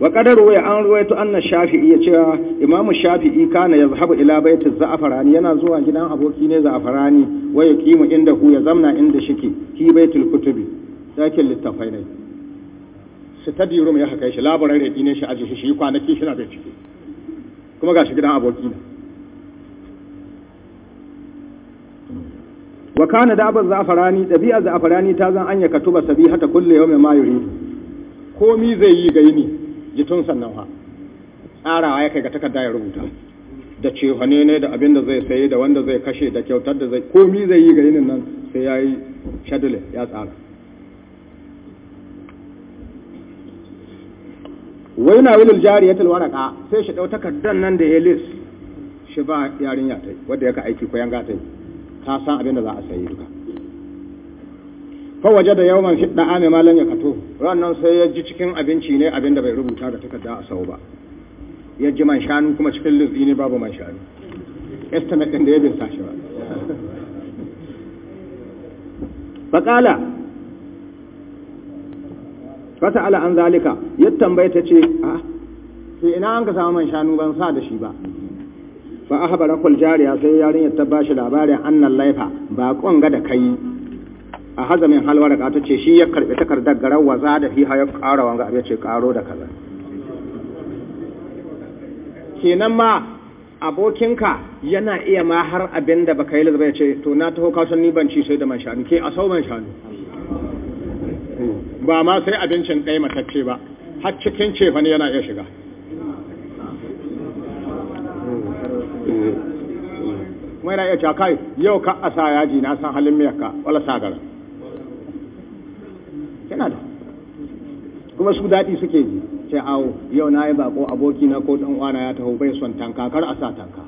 Speaker 1: wa kadar waya an ruwaito anna shafi'i ya cewa imamu shafi'i kana zahabu ila baiti za'farani yana zuwa gidan aboki ne za'farani waya qimu inda ku ya zamna inda shike ki baitul kutubi dakin littafai ne shi tadirum ya haka shi labarai da dine shi aje shi kwanaki shi na da ciki kuma gashi gidan aboki ne wa kana da abin za'afarani ɗabi'ar za'afarani ta zan anya katuba sabi hata kulle yau mai mayuri komi zai yi ga yini tun sannan ha tsarawa ya kai ga takarda ya rubuta da cewa ne da abin da zai sayi da wanda zai kashe da kyautar da zai komi zai yi ga yinin nan sai ya yi shadule ya tsara wai na wilil jari ya talwaraka sai shi ɗau takardar nan da ya lis shi ba yarinya ta yi wadda ya ka aiki ko yanga ta yi ta san abin da za a sayi duka fawaje da yawon fi ame malam ya kato ranar sai ya ji cikin abinci ne abin da bai rubuta da takarda a sau ba ya ji man shanu kuma cikin lizzi ne babu man shanu estimate ɗin da ya binsa shi ba faƙala fata ala an zalika ya tambayi ta ce a ah, sai ina an ka samu man shanu ban sa da shi ba fa ahbara kul jariya sai yarinyar ta bashi labarin annan laifa ba kon da kai a hazamin halwar ka ta ce shi ya karbi takardar garar waza da fiha ya ƙara wanga abin ce ƙaro da kaza kenan ma abokinka yana iya ma har abin da baka yi lazaba ya ce to na taho kasan ni ban ci sai da man shanu ke a sau man shanu ba ma sai abincin ɗaya matacce ba har cikin ne yana iya shiga kuma yana iya cakai yau ka asa yaji na san halin miyarka wala sagara yana da kuma su daɗi suke ji sai awo yau na yi bako aboki na ko ɗan uwana ya taho bai son tanka kar a sa tanka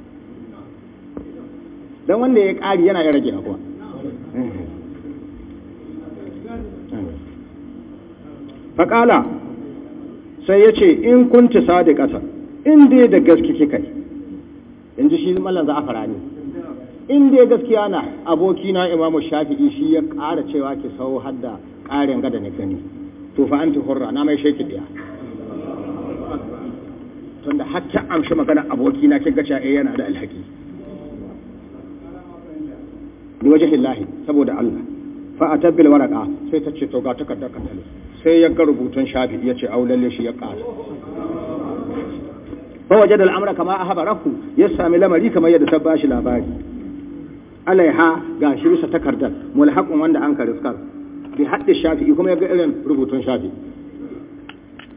Speaker 1: don wanda ya ƙari yana ya rage kuwa faƙala sai ya ce in kunci sadi ƙasa in dai da gaske kika in ji shi mallan za a fara ne in dai gaskiya na abokina imamu shafi'i shi ya ƙara cewa ki sau hadda ƙarin gada na gani tufa fa an hurra na mai sheki ɗaya tunda hakkin amshi magana aboki na kin gacha a eh, yana da alhaki ni waje hillahi saboda Allah fa a waraka sai ta ce to ga takardar ka tale sai ya ga rubutun shafi ya ce au lalle shi ya ƙara ba waje da al'amura kama a ahbarahu ya sami lamari kamar yadda ta bashi labari alaiha ga shi bisa takardar mulhaqun wanda an ka riskar bi hadda shafi'i kuma ya ga irin rubutun shafi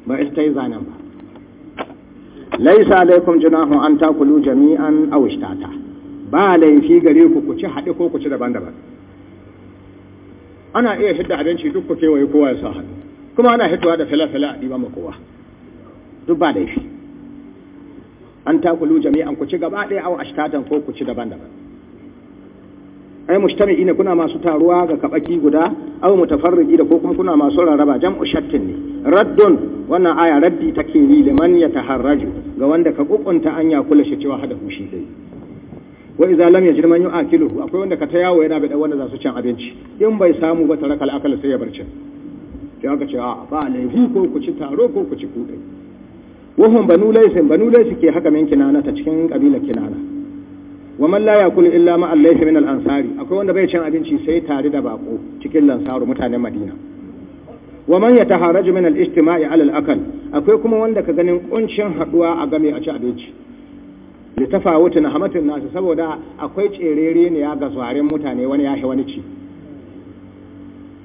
Speaker 1: ba ita ta yi zanen ba laisa alaikum junahu an takulu jami'an aw ishtata ba laifi gare ku ku ci haɗe ko ku ci daban-daban ana iya shidda abinci duk ku kewaye kowa ya sa hannu kuma ana hitowa da fela-fela a ɗiba ma kowa duk ba laifi an takulu jami'an ku ci gaba ɗaya aw ashtatan ko ku ci daban-daban ai mujtami'i ne kuna masu taruwa ga kabaki guda aw mutafarriqi da ko kuma kuna masu rarraba jam'u shattin ne raddun wannan aya raddi take yi liman yataharraju ga wanda ka kukunta anya kula shi cewa hada kushi dai wa idza lam yajid man yu'akilu akwai wanda ka ta yawo yana da wanda za su cin abinci in bai samu ba tarakal akal sai ya bar cin sai aka ce a ba hu ko ku ci taro ko ku ci kudai hum banu laysin banu laysi ke haka min kinana ta cikin kabila kinana wa man la yakulu illa ma allaysa min al-ansari akwai wanda bai cin abinci sai tare da bako cikin lansaru mutanen Madina wa man yataharaju min al-ijtima'i ala al-akal akwai kuma wanda ka ganin kuncin haduwa a game a ci abinci li na nahmatun nasu saboda akwai tserere ne ya ga zuwarin mutane wani ya wani ci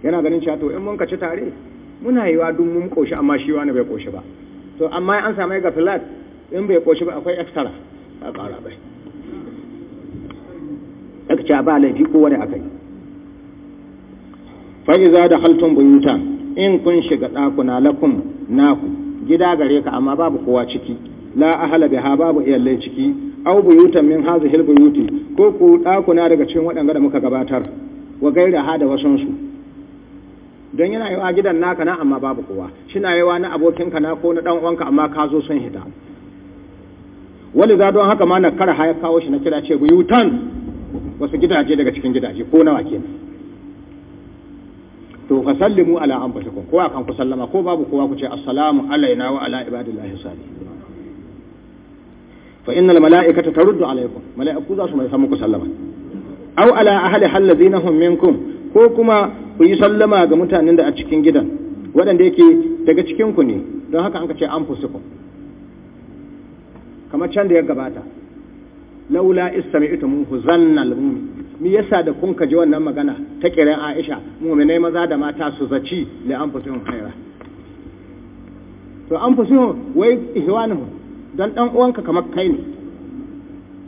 Speaker 1: yana ganin cewa to in mun ka ci tare muna yiwa dun mun koshi amma shi wani bai koshi ba to amma an samu ga flat in bai koshi ba akwai extra a ƙara bai aka ce ba laifi ko wani akai fa'iza da haltun buyuta in kun shiga ɗakuna lakum naku gida gare ka amma babu kowa ciki la ahala biha babu iyallai ciki aw buyutan min hil buyuti ko ku ɗakuna daga cikin waɗanda da muka gabatar wa gaira ha da wasansu don yana yawa gidan naka na amma babu kowa shina yawa na abokinka na ko na ɗan uwanka amma ka zo sun hita wani za don haka ma na kara haya kawo shi na kira ce buyutan wasu gidaje daga cikin gidaje ko nawa ke ne to fa sallimu ala anfusikum ko akan ku sallama ko babu kowa ku ce assalamu alaina wa ala ibadillahi salih fa innal malaikata taruddu alaykum malaiku za su mai san muku sallama aw ala ahli hallazina hum minkum ko kuma ku yi sallama ga mutanen da a cikin gidan waɗanda yake daga cikin ku ne don haka an ka ce anfusikum kamar can da ya gabata laula istami'tu mun huzanna al-mu'min mi yasa da kun kaji wannan magana ta kiran Aisha mu'minai maza da mata su zaci li anfusihim khaira to anfusihim wai ihwanuhum dan dan uwanka kamar kai ne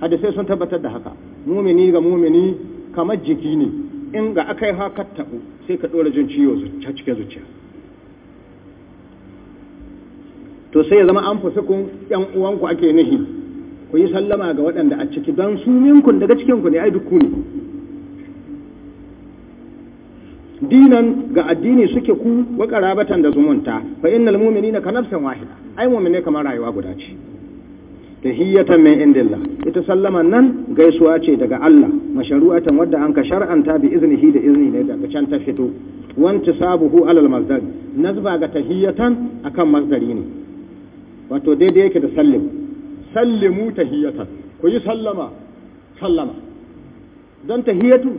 Speaker 1: Hada sai sun tabbatar da haka mumini ga mumini kamar jiki ne in ga akai yi haka taɓo sai ka ɗora jin ciwo zuciya cikin zuciya to sai ya zama an fusa kun yan uwanku ake nihi ku yi sallama ga waɗanda a ciki don su minkun daga cikinku ne ai duk ne dinan ga addini suke ku wa da zumunta fa innal mu'minina ka nafsan wahida ai mu'mine kamar rayuwa guda ce tahiyatan min indillah ita sallama nan gaisuwa ce daga Allah masharu'atan wadda an ka shar'anta bi iznihi da izni ne daga can ta fito wanta sabuhu alal mazdar nazba ga tahiyatan akan mazdari ne wato daidai yake da sallama sallimu tahiyatan ku yi sallama sallama don tahiyatu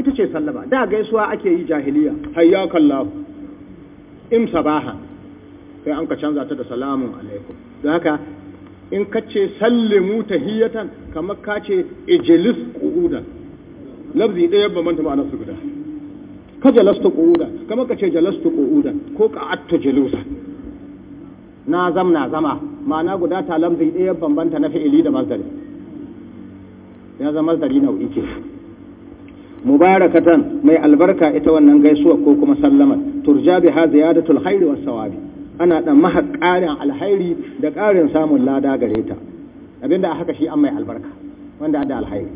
Speaker 1: ita ce sallama da gaisuwa ake yi jahiliya hayya lahu im sabaha sai an ka canza ta da salamun alaikum don haka in ka ce sallimu tahiyatan kamar ka ce ijilis ƙudan labzi ɗaya ba manta ma'anar su guda ka jalastu ƙudan kamar ka ce jalastu ƙudan ko ka attu jalusa na zam na zama ma'ana guda talam bai ɗaya bambanta na fi'ili da mazari ya zama mazari na ke mubarakatan mai albarka ita wannan gaisuwa ko kuma sallama turja ha ziyadatul khairi was sawabi ana dan mahaƙarin alhairi da ƙarin samun lada gare ta abinda haka shi an mai albarka wanda da alhairi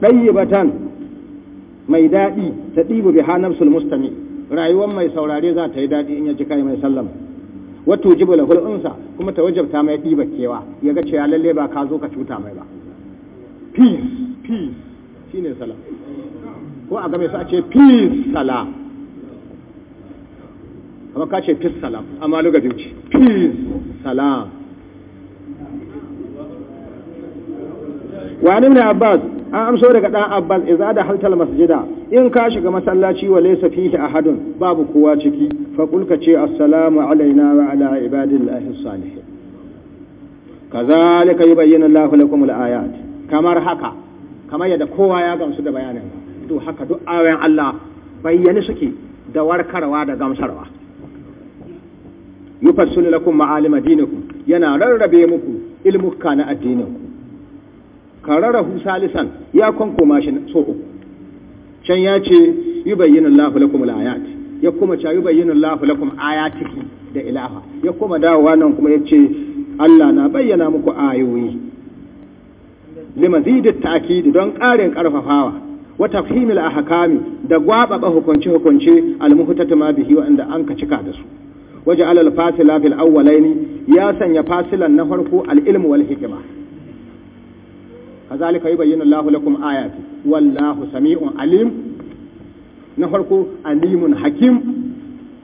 Speaker 1: dayyibatan mai daɗi ta ɗibu ha nafsul mustami rayuwar mai saurare za ta yi daɗi in ya ji kai mai sallama wato jibu lahul unsa kuma ta wajabta mai ɗiba kewa ya ga cewa lalle ba ka zo ka cuta mai ba peace peace shi ne salam ko a game su a ce peace salam amma ka ce peace salam amma luga biyu ce peace salam وعن ne Abbas. an amso daga dan abbas idza da haltal masjida in ka shiga masallaci wa laysa fihi ahadun babu kowa ciki fa kulka ce assalamu alaina wa ala ibadillahi salihin kazalika yubayyinu Allahu lakum ayat kamar haka kamar yadda kowa ya gamsu da bayanin to haka duk ayoyin Allah bayyane suke da warkarwa da gamsarwa yufassilu lakum ma'alima dinikum yana rarrabe muku ilmuka na addininku kararahu salisan ya kwankoma shi so uku can ya ce yi bayyana Allah lakum ayat ya kuma ca yi bayyana Allah lakum ayatihi da ilaha ya kuma dawowa nan kuma ya ce Allah na bayyana muku ayoyi limazidit ta'kid don ƙarin ƙarfafawa wa tafhimil ahkami da gwababa hukunci hukunci ma bihi inda an cika da su waje alal fasila fil awwalaini ya sanya fasilan na farko al ilmu wal hikma kazalika yubayyinu Allahu lakum ayati wallahu sami'un alim na farko alimun hakim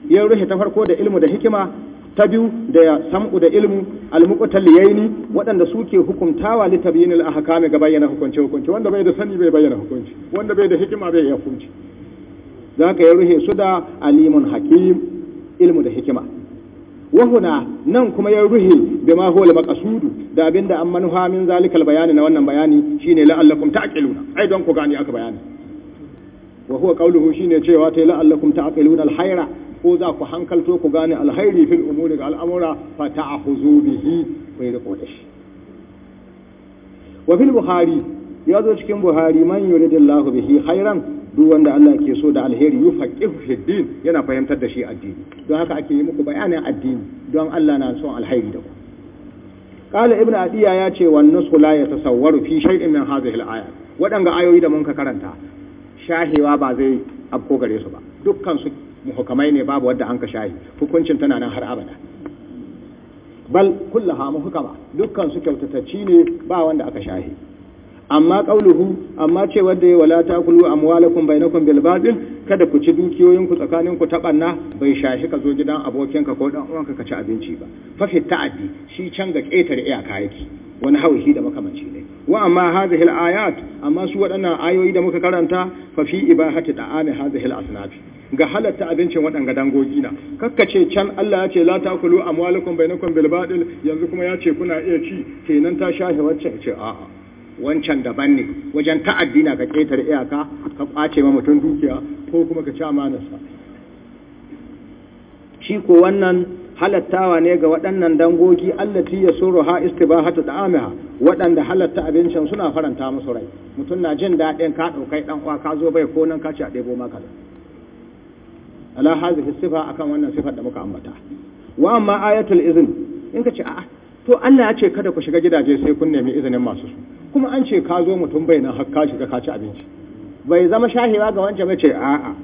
Speaker 1: ya ruhe ta farko da ilmu da hikima ta biyu da sam'u da ilmu almuqtaliyaini waɗanda suke hukumtawa li tabyinil ahkami ga bayyana hukunci hukunci wanda bai da sani bai bayyana hukunci wanda bai da hikima bai yi hukunci zaka ya ruhe su da alimun hakim ilmu da hikima wahuna nan kuma ya ruhe da ma huwa maqsudu da abinda an manuha min zalikal bayani na wannan bayani shine la'allakum ta'qiluna ai don ku gani aka bayani wa huwa qawluhu shine cewa ta la'allakum ta'qiluna alhayra ko za ku hankalto ku gane alhayri fil umuri ga al'amura fa ta'khuzu bihi wa yarqu dashi wa fil ya zo cikin buhari man yuridillahu bihi khairan duk wanda Allah ke so da alheri yufaqihu fid din yana fahimtar da shi addini don haka ake yi muku bayanin addini don Allah na son alheri da ku qala ibnu adiya ya ce wan sula la yatasawwaru fi shay'in min hadhihi al-aya wadanga ayoyi da mun ka karanta shahewa ba zai afko gare su ba dukkan su muhukamai ne babu wadda an ka shahi hukuncin tana nan har abada bal kullaha muhukama dukkan su kyautatacci ne ba wanda aka shahi amma qauluhu amma ce wanda ya wala taqulu amwalakum bainakum bil batil kada ku ci dukiyoyin ku tsakanin ku ta ɓanna, bai shashi ka zo gidan abokinka ko dan uwanka ka ci abinci ba fa fi ta'addi shi can ga ƙetare iyaka yake wani haushi da makamanci ne wa amma hadhihi al ayat amma su waɗannan ayoyi da muka karanta fa fi ibahati ta'ami hadhihi al ga halatta abincin waɗanga dangogi na kakkace can Allah ya ce la takulu amwalakum bainakum bil yanzu kuma ya ce kuna iya ci kenan ta shahi wacce ce a'a wancan daban ne wajen ta'addi na ka ƙetare iyaka ka ƙwace ma mutum dukiya ko kuma ka ci amanarsa shi ko wannan halattawa ne ga waɗannan dangogi allati ya soro ha istibahatu amina waɗanda halatta abincin suna faranta musu rai mutum na jin daɗin ka ɗaukai ɗan uwa ka zo bai ko nan ka ci a ɗebo maka da ala hazihi sifa akan wannan sifar da muka ambata wa amma ayatul izn in ka ce a'a to Allah ya ce kada ku shiga gidaje sai kun nemi izinin masu su kuma an ce ka zo mutum bai nan har ka shiga ka ci abinci bai zama shahewa ga wancan ba ce a'a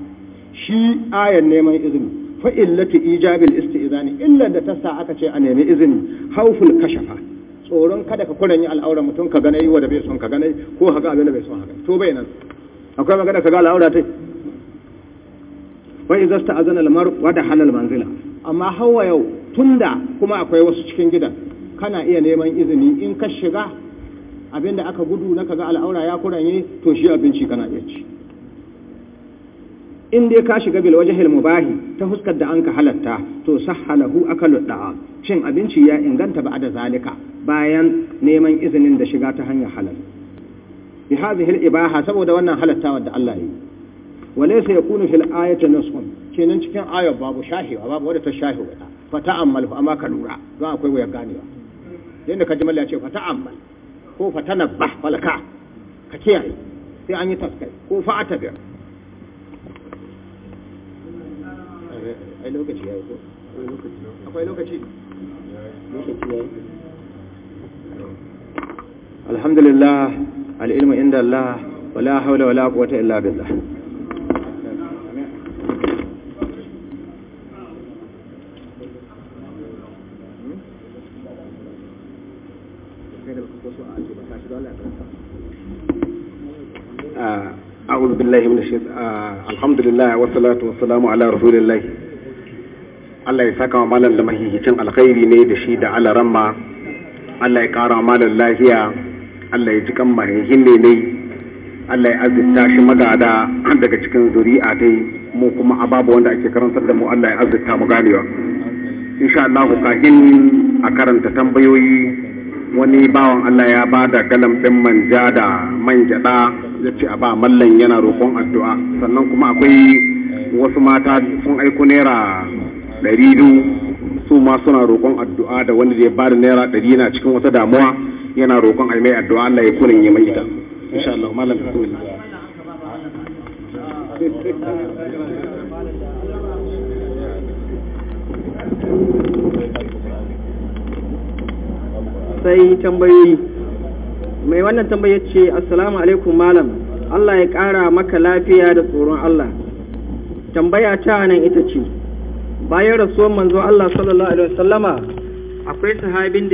Speaker 1: shi ayan neman izini fa illati ijabil istizani illa da ta sa aka ce a nemi izini hauful kashafa tsoron kada ka kuren yi al'aura mutum ka ganai wanda bai son ka ganai ko haka abin da bai son haka to bai nan akwai magana ka ga al'aura tai wa idza sta'azana al-mar'u wa da halal manzila amma hawa yau tunda kuma akwai wasu cikin gidan kana iya neman izini in ka shiga abinda aka gudu na kaga al'aura ya kuranye to shi abinci kana iya ci in dai ka shiga bil wajhil mubahi ta huskar da anka halatta to sahalahu akalu da'a cin abinci ya inganta ba da zalika bayan neman izinin da shiga ta hanyar halal bi hadhihi al ibaha saboda wannan halattawa da Allah yi walaysa yakunu fil ayati nasxun kenan cikin ayar babu shahiwa babu wadda ta shahiwa fa ta'ammalu amma ka lura don akwai wayar ganewa din da kaji ya ce fa ta'ammal ko fa tanabbah falaka ka kiyaye sai an yi taskai ko fa atabi ai alhamdulillah al inda Allah wala hawla wala quwwata illa billah alhamdulillah wa salatu wa salamu ala rasulillah Allah ya saka wa malam da mahihicin alkhairi ne da shi da alaramma Allah ya kara malam lafiya Allah ya ji kan mahihin ne ne Allah ya azurta shi magada daga cikin zuri'a dai mu kuma ababu wanda ake karantar da mu Allah ya azurta mu ganewa insha Allah kahin a karanta tambayoyi wani bawan Allah ya bada galam din manja da man gyada ya a ba mallan yana roƙon addu'a sannan kuma akwai wasu mata sun aiko naira ɗari biyu su ma suna roƙon addu'a da wanda zai bada naira ɗari yana cikin wata damuwa yana roƙon a addu'a Allah ya kunan ya mai ita
Speaker 3: insha Allah malam bismillah
Speaker 2: sai tambayoyi mai wannan tambaya ce assalamu alaikum malam Allah ya ƙara maka lafiya da tsoron Allah tambaya ta nan ita ce bayan rasuwan manzo Allah sallallahu alaihi wasallama akwai sahabin